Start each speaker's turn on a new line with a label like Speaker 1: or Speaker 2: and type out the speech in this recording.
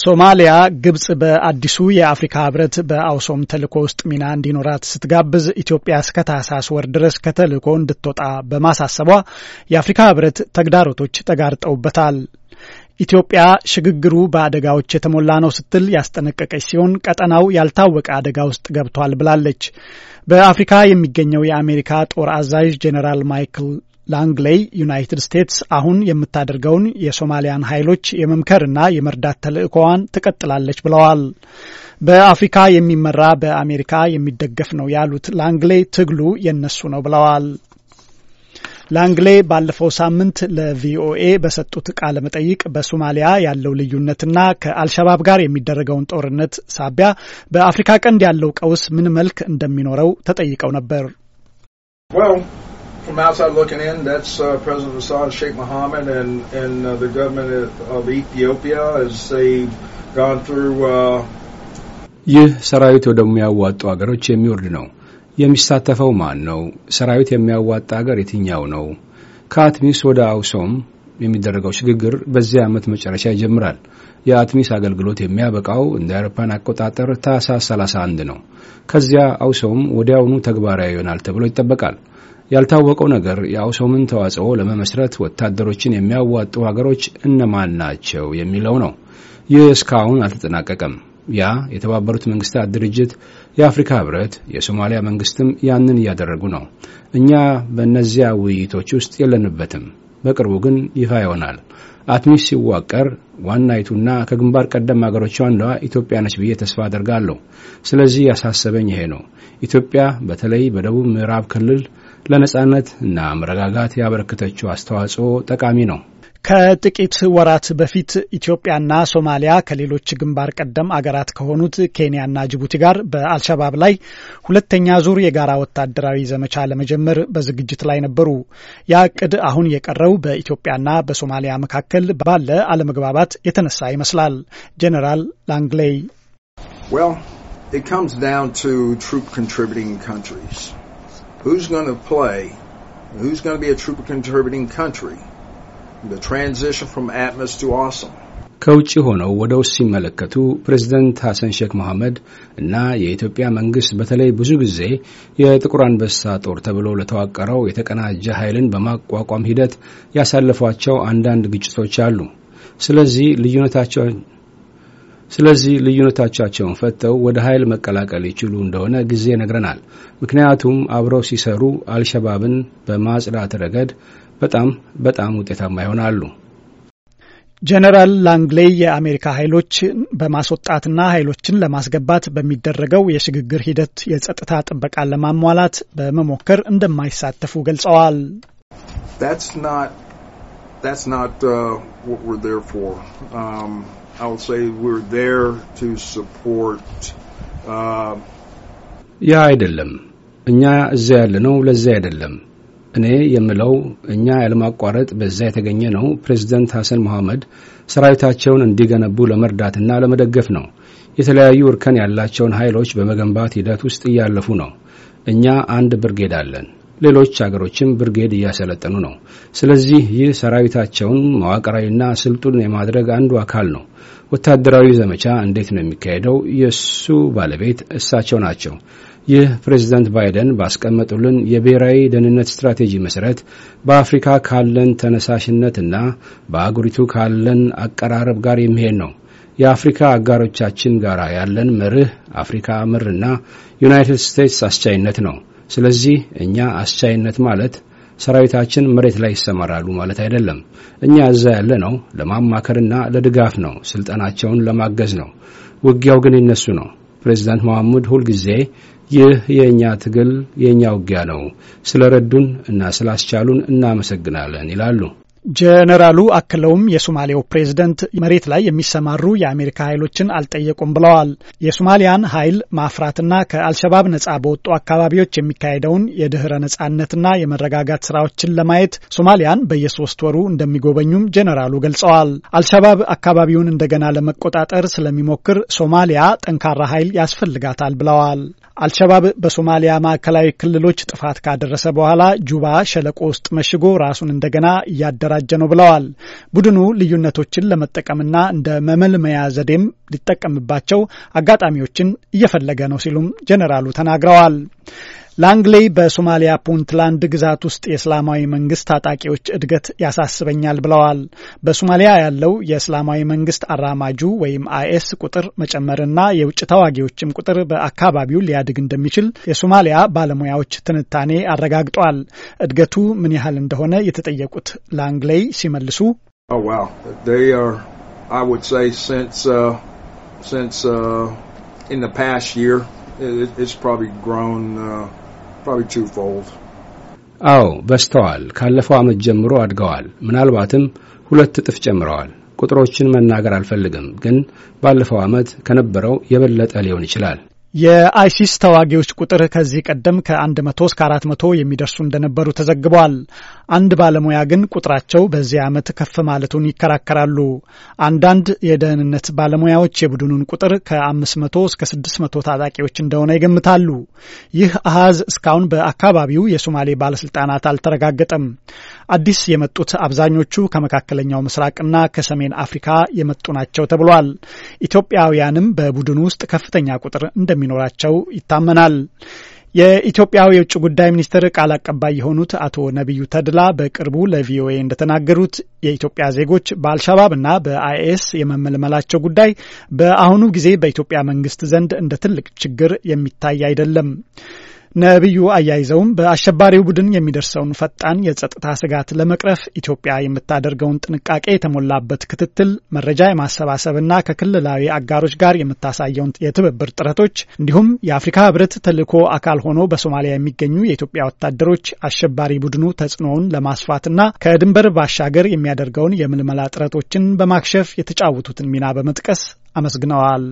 Speaker 1: ሶማሊያ ግብጽ በአዲሱ የአፍሪካ ህብረት በአውሶም ተልእኮ ውስጥ ሚና እንዲኖራት ስትጋብዝ ኢትዮጵያ እስከ ታህሳስ ወር ድረስ ከተልእኮ እንድትወጣ በማሳሰቧ የአፍሪካ ህብረት ተግዳሮቶች ተጋርጠውበታል። ኢትዮጵያ ሽግግሩ በአደጋዎች የተሞላ ነው ስትል ያስጠነቀቀች ሲሆን ቀጠናው ያልታወቀ አደጋ ውስጥ ገብቷል ብላለች። በአፍሪካ የሚገኘው የአሜሪካ ጦር አዛዥ ጄኔራል ማይክል ላንግሌይ ዩናይትድ ስቴትስ አሁን የምታደርገውን የሶማሊያን ኃይሎች የመምከርና የመርዳት ተልዕኮዋን ትቀጥላለች ብለዋል። በአፍሪካ የሚመራ በአሜሪካ የሚደገፍ ነው ያሉት ላንግሌይ ትግሉ የነሱ ነው ብለዋል። ላንግሌ ባለፈው ሳምንት ለቪኦኤ በሰጡት ቃለ መጠይቅ በሶማሊያ ያለው ልዩነትና ከአልሸባብ ጋር የሚደረገውን ጦርነት ሳቢያ በአፍሪካ ቀንድ ያለው ቀውስ ምን መልክ እንደሚኖረው ተጠይቀው ነበር።
Speaker 2: From outside looking in, that's uh, President Assad, Sheikh Mohammed, and and uh, the government of of Ethiopia as they've gone through. Uh,
Speaker 3: ይህ ሰራዊት ወደሚያዋጡ አገሮች የሚወርድ ነው። የሚሳተፈው ማን ነው? ሰራዊት የሚያዋጣ አገር የትኛው ነው? ከአትሚስ ወደ አውሶም የሚደረገው ሽግግር በዚህ ዓመት መጨረሻ ይጀምራል። የአትሚስ አገልግሎት የሚያበቃው እንደ አውሮፓን አቆጣጠር ታህሳስ 31 ነው። ከዚያ አውሶም ወዲያውኑ ተግባራዊ ይሆናል ተብሎ ይጠበቃል። ያልታወቀው ነገር የአውሶምን ተዋጽኦ ለመመስረት ወታደሮችን የሚያዋጡ ሀገሮች እነማን ናቸው የሚለው ነው። ይህ እስካሁን አልተጠናቀቀም። ያ የተባበሩት መንግስታት ድርጅት፣ የአፍሪካ ህብረት፣ የሶማሊያ መንግስትም ያንን እያደረጉ ነው። እኛ በእነዚያ ውይይቶች ውስጥ የለንበትም። በቅርቡ ግን ይፋ ይሆናል። አትሚስ ሲዋቀር ዋናይቱና ከግንባር ቀደም ሀገሮች አንዷ ኢትዮጵያ ነች ብዬ ተስፋ አደርጋለሁ። ስለዚህ ያሳሰበኝ ይሄ ነው። ኢትዮጵያ በተለይ በደቡብ ምዕራብ ክልል ለነጻነት እና መረጋጋት ያበረከተችው
Speaker 1: አስተዋጽኦ ጠቃሚ ነው። ከጥቂት ወራት በፊት ኢትዮጵያና ሶማሊያ ከሌሎች ግንባር ቀደም አገራት ከሆኑት ኬንያና ጅቡቲ ጋር በአልሸባብ ላይ ሁለተኛ ዙር የጋራ ወታደራዊ ዘመቻ ለመጀመር በዝግጅት ላይ ነበሩ። ያ እቅድ አሁን የቀረው በኢትዮጵያና በሶማሊያ መካከል ባለ አለመግባባት የተነሳ ይመስላል። ጄኔራል ላንግሌይ
Speaker 2: who's going to play, who's going to be a trooper contributing country, the transition from Atmos to awesome.
Speaker 3: ከውጭ ሆነው ወደ ውስጥ ሲመለከቱ ፕሬዚደንት ሐሰን ሼክ መሐመድ እና የኢትዮጵያ መንግስት በተለይ ብዙ ጊዜ የጥቁር አንበሳ ጦር ተብሎ ለተዋቀረው የተቀናጀ ኃይልን በማቋቋም ሂደት ያሳለፏቸው አንዳንድ ግጭቶች አሉ። ስለዚህ ልዩነታቸው ስለዚህ ልዩነቶቻቸውን ፈተው ወደ ኃይል መቀላቀል ይችሉ እንደሆነ ጊዜ ነግረናል። ምክንያቱም አብረው ሲሰሩ አልሸባብን በማጽዳት ረገድ በጣም በጣም ውጤታማ ይሆናሉ።
Speaker 1: ጀነራል ላንግሌይ የአሜሪካ ኃይሎች በማስወጣትና ኃይሎችን ለማስገባት በሚደረገው የሽግግር ሂደት የጸጥታ ጥበቃን ለማሟላት በመሞከር እንደማይሳተፉ ገልጸዋል።
Speaker 2: That's not, that's not, uh, what we're there for. Um, I'll say we're there to support uh,
Speaker 3: ያ አይደለም። እኛ እዛ ያለነው ለዛ አይደለም። እኔ የምለው እኛ ያለማቋረጥ በዛ የተገኘ ነው ፕሬዚደንት ሐሰን መሐመድ ሰራዊታቸውን እንዲገነቡ ለመርዳትና ለመደገፍ ነው። የተለያዩ እርከን ያላቸውን ኃይሎች በመገንባት ሂደት ውስጥ እያለፉ ነው። እኛ አንድ ብርጌድ አለን። ሌሎች አገሮችም ብርጌድ እያሰለጠኑ ነው። ስለዚህ ይህ ሰራዊታቸውን መዋቅራዊና ስልጡን የማድረግ አንዱ አካል ነው። ወታደራዊ ዘመቻ እንዴት ነው የሚካሄደው? የእሱ ባለቤት እሳቸው ናቸው። ይህ ፕሬዚደንት ባይደን ባስቀመጡልን የብሔራዊ ደህንነት ስትራቴጂ መሠረት በአፍሪካ ካለን ተነሳሽነትና በአገሪቱ ካለን አቀራረብ ጋር የሚሄድ ነው። የአፍሪካ አጋሮቻችን ጋር ያለን መርህ አፍሪካ ምርና ዩናይትድ ስቴትስ አስቻይነት ነው። ስለዚህ እኛ አስቻይነት ማለት ሰራዊታችን መሬት ላይ ይሰማራሉ ማለት አይደለም። እኛ እዛ ያለ ነው ለማማከርና ለድጋፍ ነው፣ ስልጠናቸውን ለማገዝ ነው። ውጊያው ግን ይነሱ ነው። ፕሬዚዳንት መሐሙድ ሁልጊዜ ይህ የእኛ ትግል የእኛ ውጊያ ነው፣ ስለ ረዱን እና ስላስቻሉን እናመሰግናለን ይላሉ።
Speaker 1: ጀነራሉ አክለውም የሶማሌው ፕሬዝደንት መሬት ላይ የሚሰማሩ የአሜሪካ ኃይሎችን አልጠየቁም ብለዋል። የሶማሊያን ኃይል ማፍራትና ከአልሸባብ ነጻ በወጡ አካባቢዎች የሚካሄደውን የድህረ ነጻነትና የመረጋጋት ስራዎችን ለማየት ሶማሊያን በየሶስት ወሩ እንደሚጎበኙም ጀነራሉ ገልጸዋል። አልሸባብ አካባቢውን እንደገና ለመቆጣጠር ስለሚሞክር ሶማሊያ ጠንካራ ኃይል ያስፈልጋታል ብለዋል። አልሸባብ በሶማሊያ ማዕከላዊ ክልሎች ጥፋት ካደረሰ በኋላ ጁባ ሸለቆ ውስጥ መሽጎ ራሱን እንደገና እያደራ የተደራጀ ነው ብለዋል። ቡድኑ ልዩነቶችን ለመጠቀምና እንደ መመልመያ ዘዴም ሊጠቀምባቸው አጋጣሚዎችን እየፈለገ ነው ሲሉም ጀኔራሉ ተናግረዋል። ላንግሌይ በሶማሊያ ፑንትላንድ ግዛት ውስጥ የእስላማዊ መንግስት ታጣቂዎች እድገት ያሳስበኛል ብለዋል። በሶማሊያ ያለው የእስላማዊ መንግስት አራማጁ ወይም አይኤስ ቁጥር መጨመርና የውጭ ተዋጊዎችም ቁጥር በአካባቢው ሊያድግ እንደሚችል የሶማሊያ ባለሙያዎች ትንታኔ አረጋግጧል። እድገቱ ምን ያህል እንደሆነ የተጠየቁት ላንግሌይ ሲመልሱ
Speaker 2: oh, uh, uh, in the past year, it's probably grown uh,
Speaker 3: አዎ በስተዋል። ካለፈው ዓመት ጀምሮ አድገዋል። ምናልባትም ሁለት እጥፍ ጨምረዋል። ቁጥሮችን መናገር አልፈልግም፣ ግን ባለፈው ዓመት ከነበረው የበለጠ ሊሆን ይችላል።
Speaker 1: የአይሲስ ተዋጊዎች ቁጥር ከዚህ ቀደም ከ100 እስከ 400 የሚደርሱ እንደነበሩ ተዘግበዋል። አንድ ባለሙያ ግን ቁጥራቸው በዚህ ዓመት ከፍ ማለቱን ይከራከራሉ። አንዳንድ የደህንነት ባለሙያዎች የቡድኑን ቁጥር ከ500 እስከ 600 ታጣቂዎች እንደሆነ ይገምታሉ። ይህ አሃዝ እስካሁን በአካባቢው የሶማሌ ባለስልጣናት አልተረጋገጠም። አዲስ የመጡት አብዛኞቹ ከመካከለኛው ምስራቅና ከሰሜን አፍሪካ የመጡ ናቸው ተብሏል። ኢትዮጵያውያንም በቡድኑ ውስጥ ከፍተኛ ቁጥር እንደሚኖራቸው ይታመናል። የኢትዮጵያው የውጭ ጉዳይ ሚኒስትር ቃል አቀባይ የሆኑት አቶ ነቢዩ ተድላ በቅርቡ ለቪኦኤ እንደተናገሩት የኢትዮጵያ ዜጎች በአልሸባብና በአይኤስ የመመልመላቸው ጉዳይ በአሁኑ ጊዜ በኢትዮጵያ መንግስት ዘንድ እንደ ትልቅ ችግር የሚታይ አይደለም። ነቢዩ አያይዘውም በአሸባሪው ቡድን የሚደርሰውን ፈጣን የጸጥታ ስጋት ለመቅረፍ ኢትዮጵያ የምታደርገውን ጥንቃቄ የተሞላበት ክትትል፣ መረጃ የማሰባሰብና ከክልላዊ አጋሮች ጋር የምታሳየውን የትብብር ጥረቶች እንዲሁም የአፍሪካ ሕብረት ተልዕኮ አካል ሆኖ በሶማሊያ የሚገኙ የኢትዮጵያ ወታደሮች አሸባሪ ቡድኑ ተጽዕኖውን ለማስፋትና ከድንበር ባሻገር የሚያደርገውን የምልመላ ጥረቶችን በማክሸፍ የተጫወቱትን ሚና በመጥቀስ አመስግነዋል።